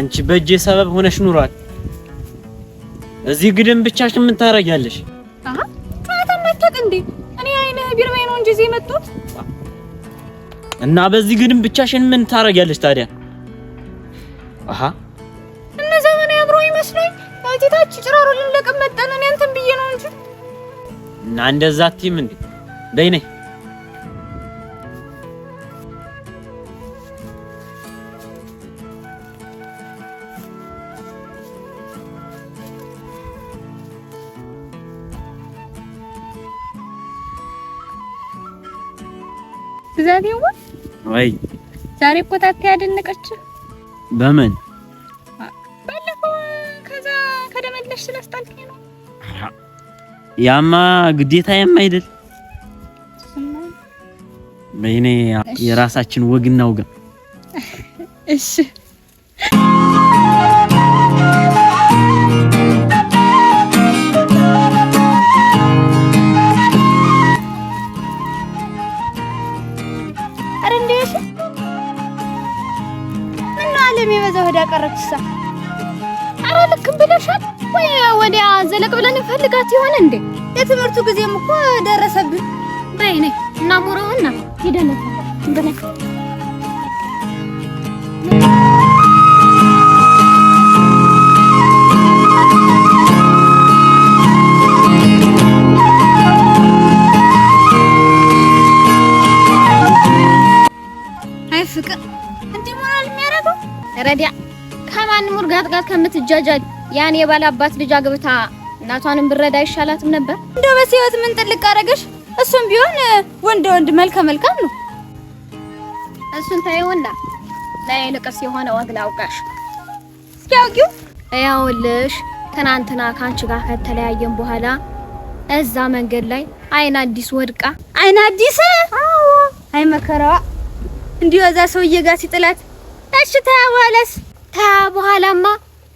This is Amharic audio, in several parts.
አንቺ በእጄ ሰበብ ሆነሽ ኑሯል። እዚህ ግድም ብቻሽን ምን ታረጊያለሽ? አሃ ጨዋታ መጥተት እንዴ? እኔ አይነ ቢርበይ ነው እንጂ እዚህ መጥቶት እና በዚህ ግድም ብቻሽን ምን ታረጊያለሽ ታዲያ? አሃ እነዛ ምን ያብሮ ይመስለኝ ታች ጭራሮ ልንለቅም መጣን። እኔ አንተን ብዬ ነው እንጂ እና እንደዛ አትይም እንዴ? በይ ነይ ብዛት ወይ? ዛሬ እኮ ታታ ያደነቀች በምን ባለፈው ከዛ ከደመለሽ ነው። ያማ ግዴታ ያማ አይደል? በይኔ የራሳችን ወግና እሺ ያቀረችሳ? አረ ልክም ብለሻል። ወይ ወዲያ ዘለቅ ብለን እንፈልጋት ይሆን እንዴ? የትምህርቱ ጊዜም እኮ ደረሰብን። በይ ነይ እናሙረውና ሂደን እንበለ የሚያደርገው ረዲያ ከማንም ውርጋት ጋር ከምትጃጃል ያን የባለ አባት ልጅ አግብታ እናቷንም ብረዳ አይሻላትም ነበር? እንደው በህይወት ምን ጥልቅ አደረገሽ? እሱም ቢሆን ወንድ ወንድ መልከ መልካም ነው። እሱን ታየውና ላይ ልቅስ የሆነ ወግ ላውቃሽ። እስኪ አውጊው። ትናንትና ካንቺ ጋር ከተለያየን በኋላ እዛ መንገድ ላይ አይን አዲስ ወድቃ አይን አዲስ አዎ፣ አይ መከራዋ እንዲሁ እዛ ሰውዬ ጋር ሲጥላት እሺ ታዋለስ ታያ በኋላማ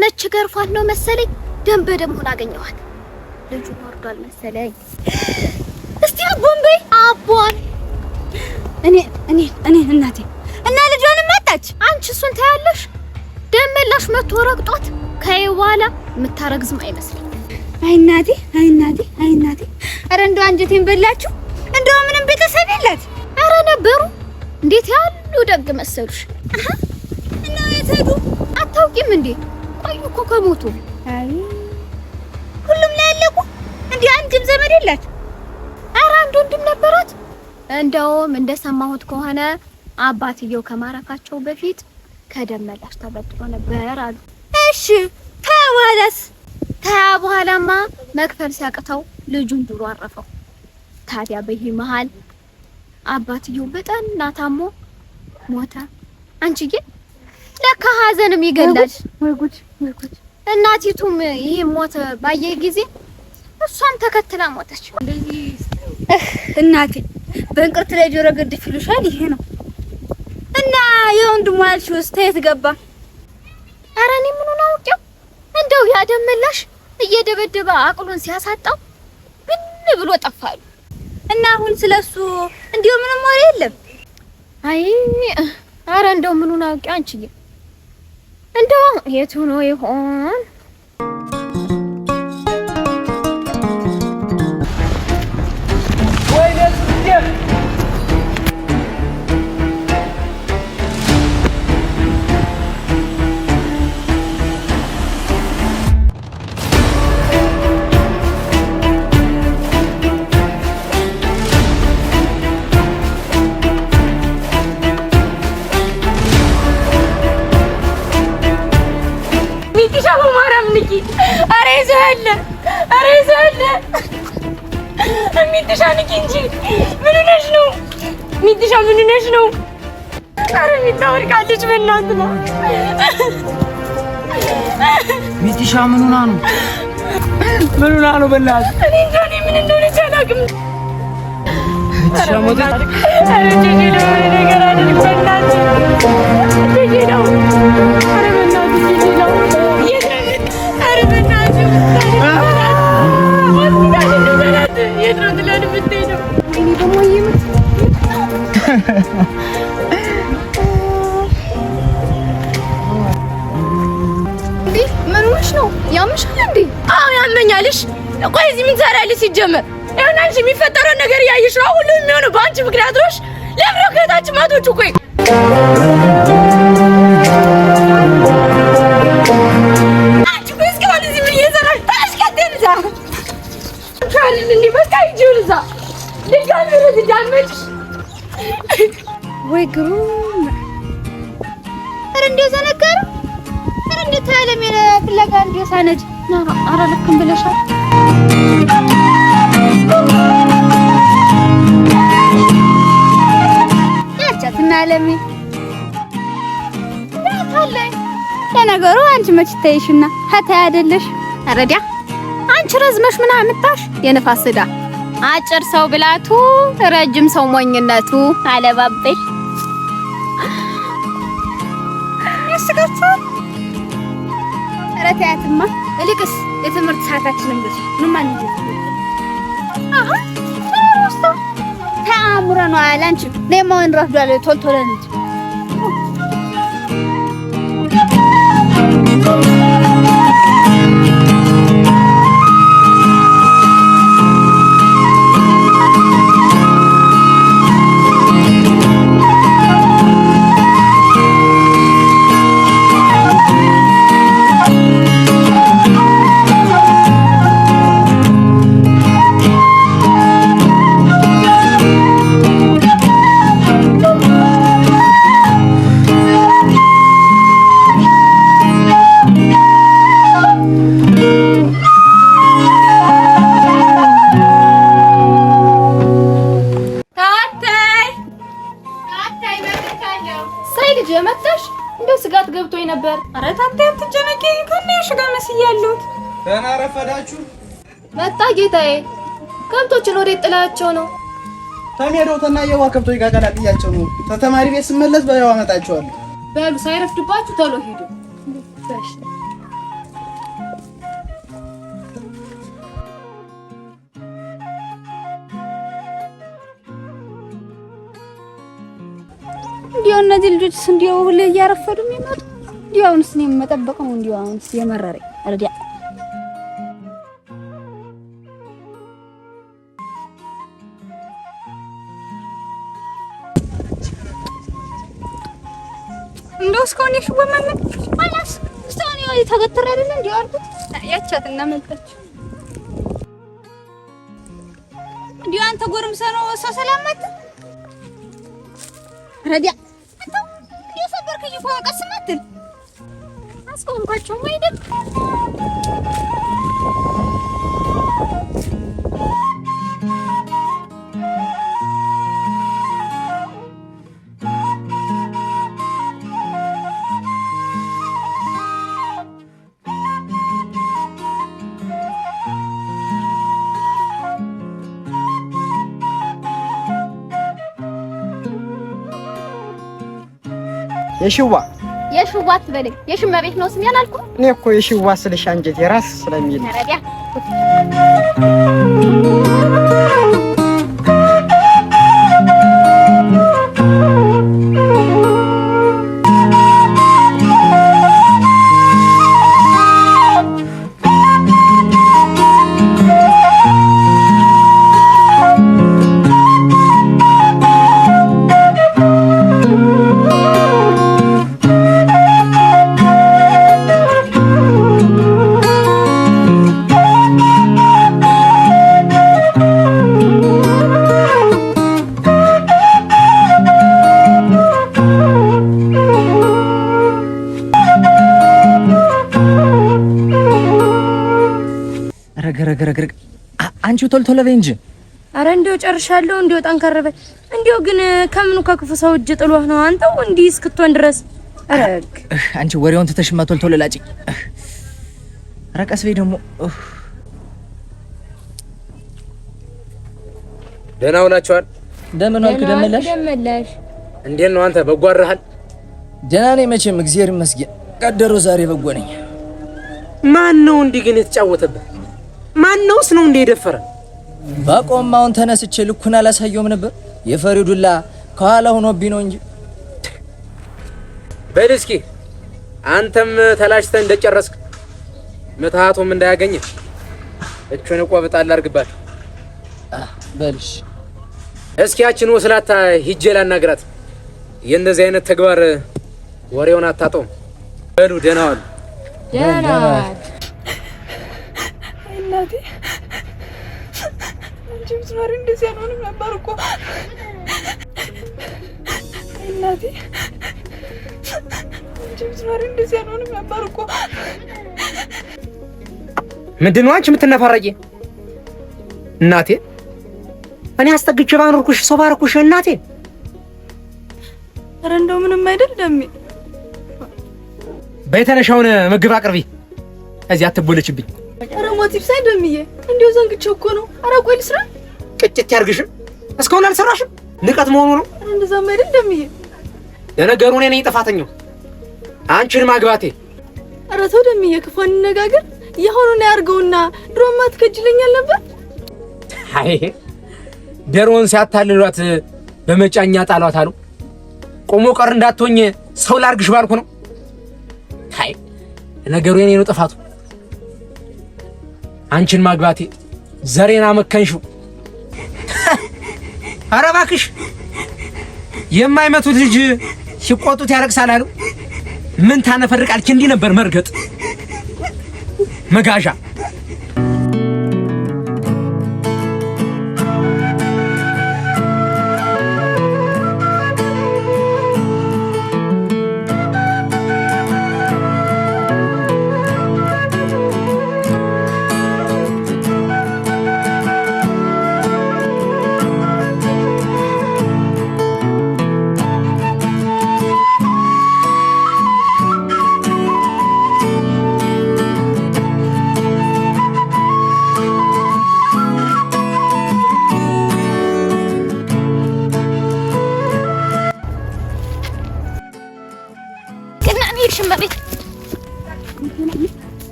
መች ገርፏት ነው መሰለኝ ደም በደም ሆና አገኘኋት። ልጁ ወርዷል መሰለኝ። እስቲ አቦን በይ አቦን። እኔ እኔ እኔ እናቴ እና ልጇን መጣች። አንቺ እሱን ታያለሽ። ደም መላሽ መቶ ረግጧት ከይ በኋላ የምታረግዝም አይመስለኝ። አይ እናቴ አይ እናቴ አይ እናቴ። ኧረ እንደው አንጀቴን በላችሁ። እንደው ምንም ቤተሰብ የላት። አረ ነበሩ እንዴት ያሉ ደግ መሰሉሽ አሃ እና የት ሄዱ? አታውቂም እንዴ? ቆዩ እኮ ከሞቱ። አይ ሁሉም ላይ ያለቁ እንዴ? አንድም ዘመድ የላት? ኧረ አንድ ወንድም ነበራት። እንደውም እንደሰማሁት ከሆነ አባትየው ከማረፋቸው በፊት ከደመላሽ ተበድሮ ነበር አሉ። እሺ ተዋለስ ከያ በኋላማ መክፈል ሲያቅተው ልጁን ድሮ አረፈው። ታዲያ በይህ መሀል አባትየው በጠና ታሞ ሞተ። አንቺዬ ለካ ሀዘንም ይገላል። እናቲቱም ይሄ ሞተ ባየ ጊዜ እሷም ተከትላ ሞተች። እናቴ በእንቅርት ላይ ጆሮ ገድፍ ይሉሻል። ይሄ ነው እና የወንድሙ ያልሽውስ ተየት ገባ? ኧረ እኔ ምኑን አውቄው እንደው ያደመላሽ እየደበደበ አቅሉን ሲያሳጣው ግን ብሎ ጠፋሉ። እና አሁን ስለሱ እንዲሁ ምንም ወሬ የለም። አይ አረ እንደው ምኑን አውቄ አንቺዬ እንደው የቱ ነው ይሆን? ይዘህል? ኧረ ይዘህል? ሚትሻ ንቂ እንጂ ምን ሆነሽ ነው? ሚትሻ ምን ሆነሽ ነው? ኧረ ሚታ ወድቃለች። በእናትህ ነው ሚትሻ ምን ሆና ነው? ምን ሆና ነው? በእናትህ እኔ እንጃ እኔ ምን እንደሆነች አላውቅም። ሚትሻ ሞተች። ምንሽ ነው ያምሻል እንዴ? አዎ ያመኛልሽ። ቆይ እዚህ ምን ትሰሪያለሽ? ሲጀመር ይሁን አንቺ የሚፈጠረው ነገር እያየሽ ነው። ሁሉም የሚሆነው በአንቺ ምክንያቶች ለብረው ከታች ማቶቹ ቆይ አንቺ ወይ ግሩም! ኧረ እንደው ዘነጋሩ ኧረ እንደው ታለም ፍለጋ እንደው ሳነጅ ኧረ ልክም ብለሻል። ያቻትና አለሜ ታለኝ። ለነገሩ አንቺ መች ታይሽና ሀታ አይደለሽ ረዲያ አንቺ ረዝመሽ ምን አምጣሽ የነፋስ ዕዳ አጭር ሰው ብላቱ ረጅም ሰው ሞኝነቱ አለባበይ ያስቃችኋል። ኧረ ተያትማ እልቅስ የትምህርት ሰዓታችንን ተአምረ ነው አላንቺ ለማን ቶልቶለን ደህና ረፈዳችሁ። መጣ ጌታዬ። ከብቶችን ወዴት ጥላቸው ነው? ከሚሄደውትና የዋ ከብቶች ጋር ቀላቅያቸው ነው። ከተማሪ ቤት ስመለስ በያው አመጣቸዋለሁ። በሉ ሳይረፍድባችሁ ቶሎ ሂዱ። እንዲያው እነዚህ ልጆችስ እንዲያው ሁሌ እያረፈዱ የሚመጡ እንዲያው አሁንስ እኔም መጠበቅ ነው። እንዲያው አሁንስ የመረረኝ ረዲያ እንደው እስካሁን የሽወመን አላስ እስካሁን ያው ተገትሬ አይደል እንዴ አልኩት። ያቻት እና መጣች። እንዲሁ አንተ ጎረምሳ ነው ሰው ሰላም መጣ ረዲያ አንተ የሰበርክኝ እኮ ቀስ መትል አስቆምኳቸው አይደል የሽዋ የሽዋ አትበለኝ። የሽማ ቤት ነው ስሜ አላልኩም። እኔ እኮ የሽዋ ስልሽ አንጀት የራስ ስለሚል ረገረገረገ አንቺ ቶል ቶል በይ እንጂ። አረ እንዲው ጨርሻለሁ። እንዲው ጠንከር በይ። እንዲው ግን ከምኑ ከክፉ ሰው እጅ ጥሎህ ነው አንተው እንዲህ እስክትሆን ድረስ። አረ አንቺ ወሬውን ትተሽማ ቶል ቶል ላጭ። አረ ቀስ በይ ደግሞ። ደህና ሆናችኋል? ደምን ዋልክ ደመላሽ? ደመላሽ እንዴት ነው አንተ? በጎ አድረሃል? ደህና ነኝ መቼም እግዚአብሔር ይመስገን። ቀደሮ ዛሬ በጎ ነኝ። ማን ነው እንዲህ ግን የተጫወተበት? ማነውስ ነው እንደ የደፈረ? በቆማውን ተነስቼ ልኩን አላሳየውም ነበር። የፈሪው ዱላ ከኋላ ሆኖብኝ ነው እንጂ። በል እስኪ አንተም ተላሽተህ እንደጨረስክ ምትሃቱም እንዳያገኝ እቹን ቆብጣ አድርግባት። በልሽ እስኪ ያችን ወስላታ ሂጄ ላናግራት። የእንደዚህ አይነት ተግባር ወሬውን አታጠውም። በሉ ደህና ዋሉ። እናቴ አንቺ ብትኖሪ እንደዚህ አልሆንም ነበር እኮ እናቴ። አንቺ ብትኖሪ እንደዚህ አልሆንም ነበር እኮ። ምንድን ነው አንቺ የምትነፋረቂ? እናቴ እኔ አስጠግቼ ባኖርኩሽ ሰው ባርኩሽ እናቴ። ኧረ እንደው ምንም አይደል ደሜ። በይ ተነሽ አሁን ምግብ አቅርቢ። እዚህ አትቦለችብኝ ኧረ ሞቲቭ ሳይ ደምዬ እንዲሁ ዘንግቼው እኮ ነው። ኧረ ቆይ ልስራ። ቅጭት ያርግሽም እስካሁን አልሰራሽም። ንቀት መሆኑ ነው። ኧረ እንደዚያማ አይደል ደምዬ። ለነገሩ እኔ ነኝ ጥፋተኛው አንቺን ማግባቴ። ኧረ ተው ደምዬ፣ ክፉ አንነጋገር። የሆኑን ያርገውና ድሮማ ትከጅለኛል ነበር። አይ ደሮን ሲያታልሏት በመጫኛ ጣሏት አሉ። ቆሞ ቀር እንዳትሆኝ ሰው ላርግሽ ባልኩ ነው። አይ ነገሩ የኔ ነው ጥፋቱ። አንቺን ማግባቴ ዘሬና መከንሹ። አረባክሽ እባክሽ የማይመቱት ልጅ ሲቆጡት ያለቅሳል አሉ። ምን ታነፈርቃልች? እንዲህ ነበር መርገጥ መጋዣ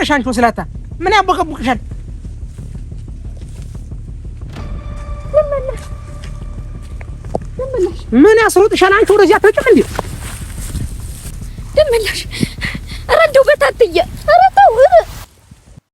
ነሽ አንቺ ወስላታ ምን ያቦቀቡቅሻል? ምን ያስሮጥሻል? አንቺ ወደዚያ? አትመጭም እንዴ?